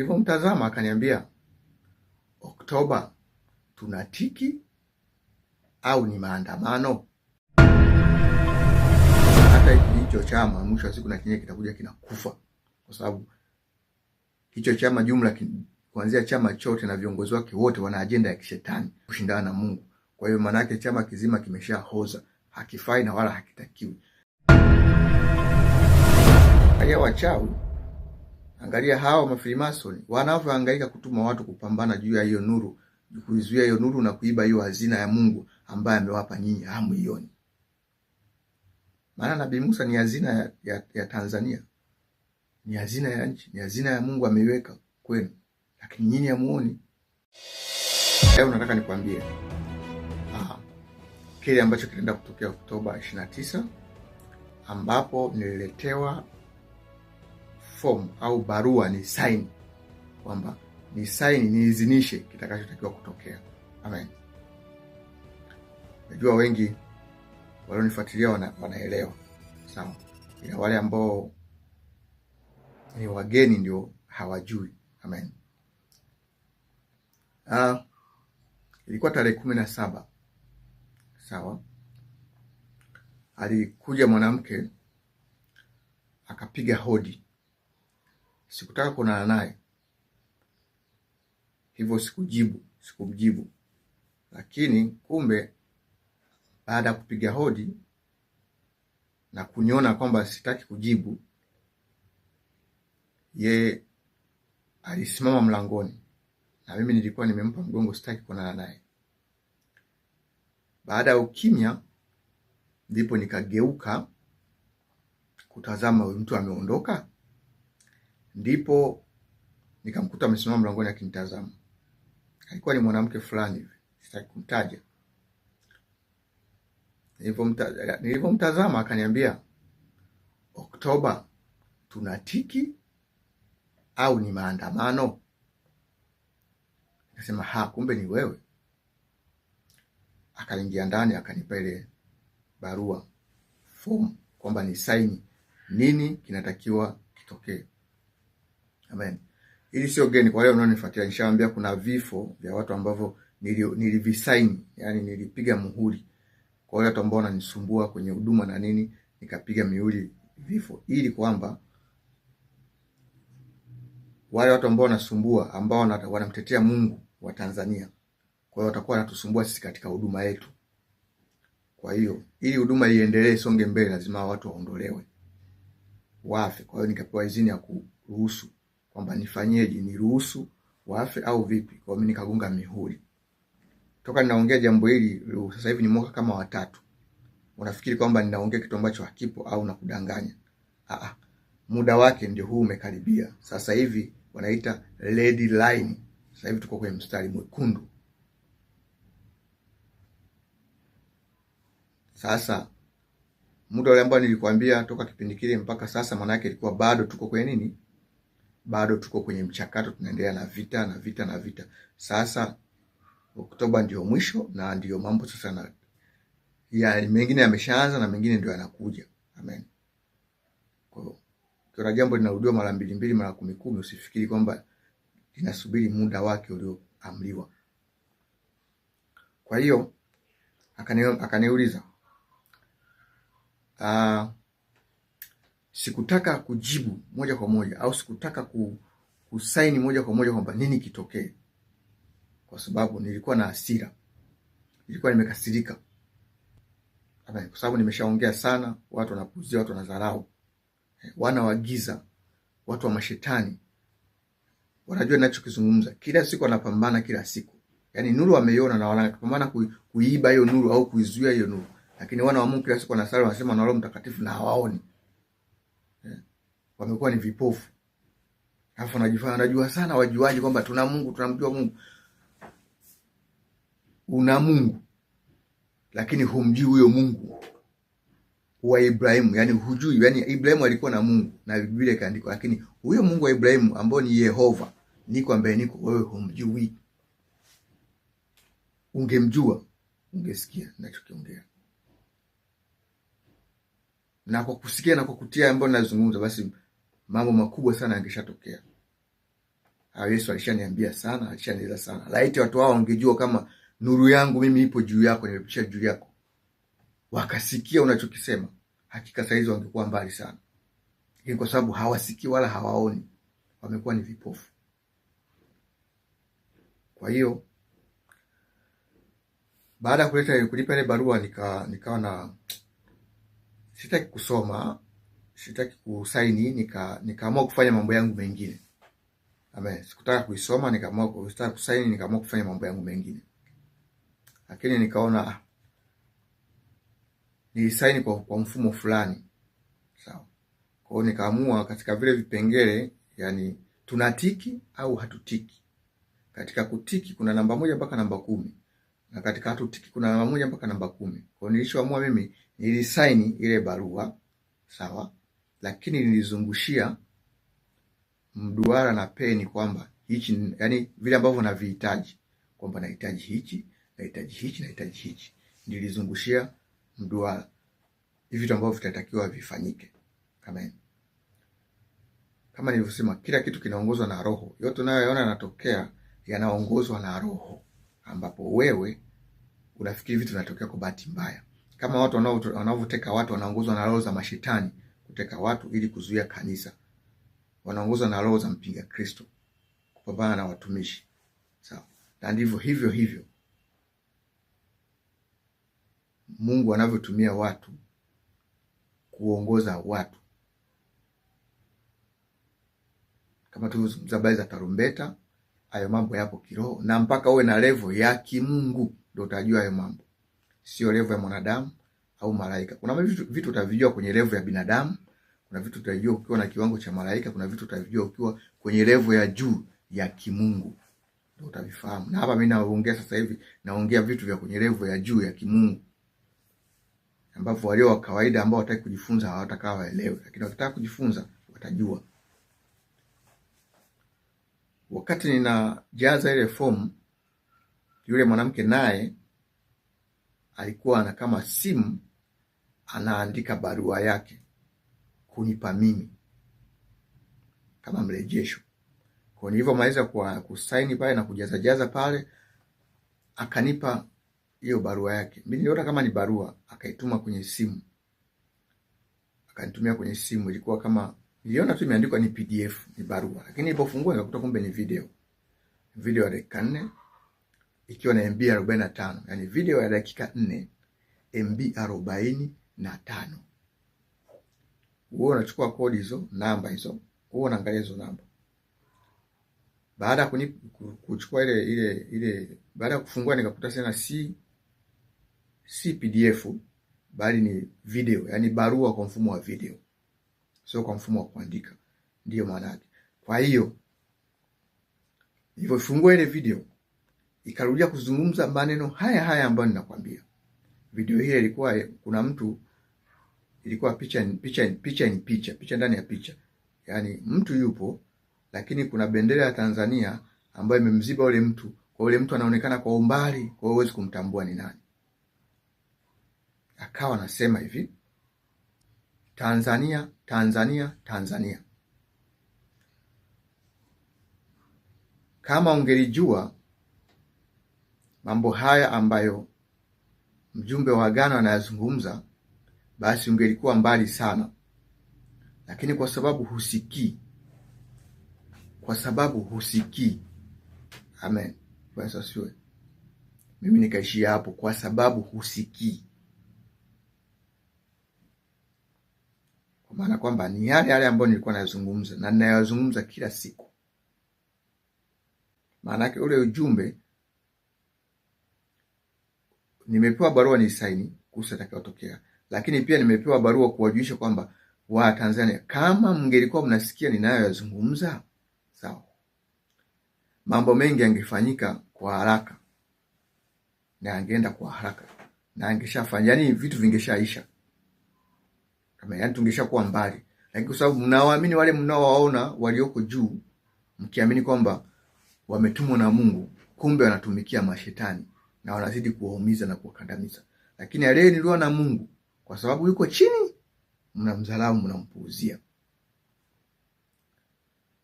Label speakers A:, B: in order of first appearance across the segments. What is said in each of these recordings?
A: Nilipomtazama akaniambia, Oktoba tunatiki au ni maandamano? Hata hicho chama mwisho wa siku na chenye kitakuja kinakufa, kwa sababu hicho chama jumla kuanzia chama chote na viongozi wake wote wana ajenda ya kishetani kushindana na Mungu. Kwa hiyo maana chama kizima kimeshahoza, hakifai na wala hakitakiwi. Haya, wachawi Angalia hawa mafrimasoni wanavyohangaika kutuma watu kupambana juu ya hiyo nuru, kuizuia hiyo nuru na kuiba hiyo hazina ya Mungu ambaye amewapa nyinyi, hamuioni. Maana Nabii Musa ni hazina ya, ya, ya Tanzania, ni hazina ya nchi, ni hazina ya Mungu ameiweka kwenu, lakini nyinyi hamuoni. Leo nataka nikwambie ah, kile ambacho kinaenda kutokea Oktoba 29 ambapo nililetewa form au barua ni saini, kwamba ni saini, niidhinishe kitakachotakiwa kutokea. Amen. Najua wengi walionifuatilia wana, wanaelewa sawa, ila wale ambao ni wageni ndio hawajui. Amen. Uh, ilikuwa tarehe kumi na saba sawa. Alikuja mwanamke akapiga hodi sikutaka kuonana naye, hivyo sikujibu, sikumjibu. Lakini kumbe baada ya kupiga hodi na kuniona kwamba sitaki kujibu, yeye alisimama mlangoni na mimi nilikuwa nimempa mgongo, sitaki kuonana naye. Baada ya ukimya, ndipo nikageuka kutazama, huyu mtu ameondoka. Ndipo nikamkuta amesimama mlangoni akinitazama. Alikuwa ni mwanamke fulani hivi, sitaki kumtaja. Nilivyomtazama akaniambia, Oktoba tuna tiki au ni maandamano? Nikasema ha, kumbe ni wewe. Akaingia ndani akanipa ile barua fomu kwamba ni saini nini kinatakiwa kitokee. Amen. Ili sio geni kwa leo unaonifuatilia, nishaambia kuna vifo vya watu ambavyo nilivisaini nili, yani nilipiga muhuri. Kwa wale watu ambao wananisumbua kwenye huduma na nini, nikapiga mihuri vifo, ili kwamba wale watu ambao wanasumbua, ambao wanamtetea Mungu wa Tanzania, kwa hiyo watakuwa wanatusumbua sisi katika huduma yetu. Kwa hiyo ili huduma iendelee, songe mbele, lazima watu waondolewe, wafe. Kwa hiyo nikapewa idhini ya kuruhusu kwamba nifanyeje, niruhusu wafe au vipi? Kwa mimi nikagonga mihuri. Toka ninaongea jambo hili sasa hivi ni mwaka kama watatu. Unafikiri kwamba ninaongea kitu ambacho hakipo au nakudanganya? Ah, muda wake ndio huu umekaribia. Sasa hivi wanaita red line. Sasa hivi tuko kwenye mstari mwekundu. Sasa muda ule ambao nilikwambia toka kipindi kile mpaka sasa, maana yake ilikuwa bado tuko kwenye nini? bado tuko kwenye mchakato, tunaendelea na vita na vita na vita. Sasa Oktoba ndio mwisho na ndio mambo sasa na ya mengine yameshaanza na mengine ndio yanakuja. Amen. Kwa hiyo kuna jambo linarudiwa mara mbili mbili mara kumi kumi, usifikiri kwamba linasubiri muda wake ulioamriwa. Kwa hiyo akaniuliza akani ah, sikutaka kujibu moja kwa moja au sikutaka ku, kusaini moja kwa moja kwamba nini kitokee, kwa sababu nilikuwa na hasira, nilikuwa nimekasirika, kwa sababu nimeshaongea sana, watu wanapuzia, watu wanadharau, eh, wana wa giza, watu wa mashetani wanajua ninachokizungumza. Kila siku wanapambana, kila siku yani nuru wameiona na wanapambana kuiba hiyo nuru au kuizuia hiyo nuru, lakini wana wa Mungu kila siku wanasali, wanasema na Roho Mtakatifu na hawaoni wamekuwa ni vipofu. Alafu anajifanya anajua sana, wajuaji kwamba tuna Mungu, tunamjua Mungu. Una Mungu lakini humjui huyo Mungu wa Ibrahimu, yani hujui, yani Ibrahimu alikuwa na Mungu na Biblia ikaandikwa, lakini huyo Mungu wa Ibrahimu ambao ni Yehova, niko ambaye niko, wewe humjui. Ungemjua ungesikia ninachokiongea na kwa kusikia na kwa kutia ambao nazungumza basi mambo makubwa sana yangeshatokea. Ah, Yesu alishaniambia sana, alishanieleza sana. Laiti watu hao wangejua kama nuru yangu mimi ipo juu yako, nimepisha juu yako, wakasikia unachokisema, hakika saizi wangekuwa mbali sana, lakini kwa sababu hawasikii wala hawaoni, wamekuwa ni vipofu. Kwa hiyo baada ya kuleta kulipa ile barua, nikawa nika na sitaki kusoma sitaki kusaini, nika nikaamua kufanya mambo yangu mengine. Amen. Sikutaka kuisoma, nikaamua kutaka kusaini, nikaamua kufanya mambo yangu mengine. Lakini nikaona nilisaini kwa, kwa mfumo fulani. Sawa. Kwa hiyo nikaamua katika vile vipengele, yani tunatiki au hatutiki. Katika kutiki kuna namba moja mpaka namba kumi na katika hatutiki kuna namba moja mpaka namba kumi. Kwa hiyo nilichoamua mimi nilisaini ile barua sawa lakini nilizungushia mduara na peni kwamba hichi, yani vile ambavyo navihitaji kwamba nahitaji hichi, nahitaji hichi, nahitaji hichi, nilizungushia mduara vitu ambavyo vitatakiwa vifanyike. Amen. Kama nilivyosema, kila kitu kinaongozwa na Roho. Yote unayoyaona yanatokea yanaongozwa na Roho, ambapo wewe unafikiri vitu vinatokea kwa bahati mbaya. Kama watu wanavyoteka watu wanaongozwa na roho za mashetani kuteka watu ili kuzuia kanisa. Wanaongozwa na roho za mpinga Kristo kupambana na watumishi. Sawa. Na ndivyo hivyo hivyo Mungu anavyotumia watu kuongoza watu, kama tulivyozungumza habari za tarumbeta. Hayo mambo yapo kiroho, na mpaka uwe na levo ya kimungu ndio utajua hayo mambo, sio levo ya mwanadamu au malaika. Kuna vitu utavijua kwenye levo ya binadamu, kuna vitu utajua ukiwa na kiwango cha malaika, kuna vitu utajua ukiwa kwenye levo ya juu ya kimungu, ndio utavifahamu. Na hapa mimi naongea sasa hivi, naongea vitu vya kwenye levo ya juu ya kimungu ambapo walio wa kawaida ambao wataki kujifunza hawatakaa waelewe, lakini wakitaka kujifunza watajua. Wakati ninajaza ile fomu, yule mwanamke naye alikuwa ana kama simu anaandika barua yake kunipa mimi kama mrejesho. Kwa nilivyomaliza kwa kusaini pale na kujaza jaza pale, akanipa hiyo barua yake. Mimi niliona kama ni barua, akaituma kwenye simu, akanitumia kwenye simu. Ilikuwa kama niliona tu imeandikwa ni PDF, ni barua, lakini nilipofungua nikakuta kumbe ni video, video ya dakika nne ikiwa na MB 45, yani video ya dakika nne MB 45 na tano wewe unachukua kodi hizo namba hizo, wewe unaangalia hizo namba. Baada ya kuchukua ile ile ile, baada ya kufungua nikakuta tena si si PDF bali ni video, yani barua kwa mfumo wa video, sio kwa mfumo wa kuandika. Ndio maana yake. Kwa hiyo nilipofungua ile video ikarudia kuzungumza maneno haya haya ambayo ninakwambia. Video hii ilikuwa kuna mtu ilikuwa picha in picha in picha in picha picha ndani ya picha, yaani mtu yupo lakini kuna bendera ya Tanzania ambayo imemziba ule mtu, kwa ule mtu anaonekana kwa umbali, kwa hiyo huwezi kumtambua ni nani. Akawa anasema hivi, Tanzania, Tanzania, Tanzania, kama ungelijua mambo haya ambayo mjumbe wa Agano anayazungumza basi ungelikuwa mbali sana, lakini kwa sababu husikii, kwa sababu husikii. Amen, Bwana asiwe. Mimi nikaishia hapo, kwa sababu husikii, kwa maana kwamba ni yale yale ambayo nilikuwa nayazungumza na ninayazungumza kila siku. maana yake ule ujumbe nimepewa barua ni saini kuhusu atakayotokea lakini pia nimepewa barua kuwajulisha kwamba wa Tanzania, kama mngelikuwa mnasikia ninayoyazungumza sawa, mambo mengi yangefanyika kwa haraka na angeenda kwa haraka na angeshafanya, yani vitu vingeshaisha kama, yani tungeshakuwa mbali, lakini kwa sababu mnawaamini wale mnaowaona walioko juu, mkiamini kwamba wametumwa na Mungu, kumbe wanatumikia mashetani na wanazidi kuwaumiza na kuwakandamiza. Lakini aliye aliyeniliwa na Mungu kwa sababu yuko chini, mnamdharau, mnampuuzia,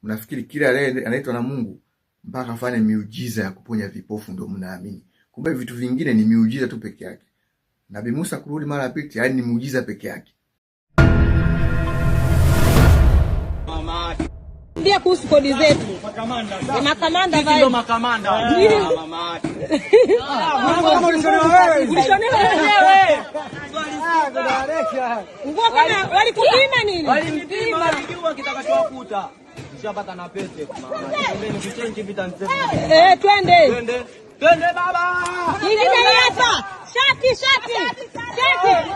A: mnafikiri kila anaitwa na Mungu mpaka afanye miujiza ya kuponya vipofu ndio mnaamini. Kumbe vitu vingine ni miujiza tu peke yake. Nabii Musa kurudi mara ya pili yaani ni muujiza peke yake.
B: Ndio kuhusu kodi zetu. Makamanda
C: ndio makamanda.
B: Walikupima nini?
D: Walimpima,
E: walijua kitakachowakuta. Ushapata na pete. Twende
F: twende. Twende.
G: Twende baba.
H: Ingine hapa. Shati, shati. Shati.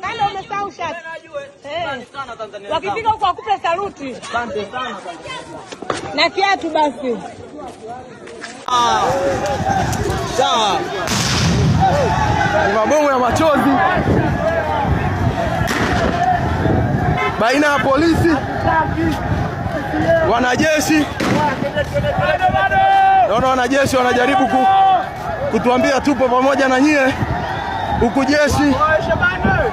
I: Kale umesahau shati.
J: Wakifika huko akupe saluti. Asante sana
K: Na kiatu basi.
L: Sawa ni mabomu ya machozi baina ya polisi, wanajeshi. Naona wanajeshi wanajaribu kutuambia tupo pamoja na nyie, huku jeshi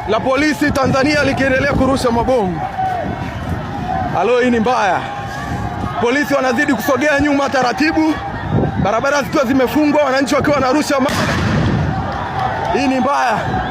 L: la polisi Tanzania likiendelea kurusha mabomu. Alo, hii ni mbaya. Polisi wanazidi kusogea nyuma taratibu, barabara zikiwa zimefungwa, wananchi wakiwa wanarusha Hii ni mbaya.